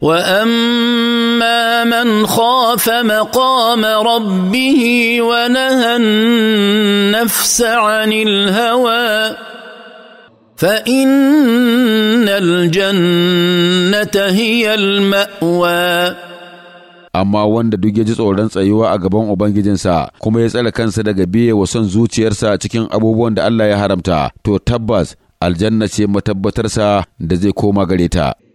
واما من خاف مقام ربه ونهى النفس عن الهوى فان الجنه هي الماوى amma wanda duk ya ji tsoron tsayuwa a gaban Ubangijinsa kuma ya tsare kansa daga biye wa son zuciyarsa cikin abubuwan da Allah ya haramta, to tabbas aljanna ce matabbatarsa da zai koma gare ta.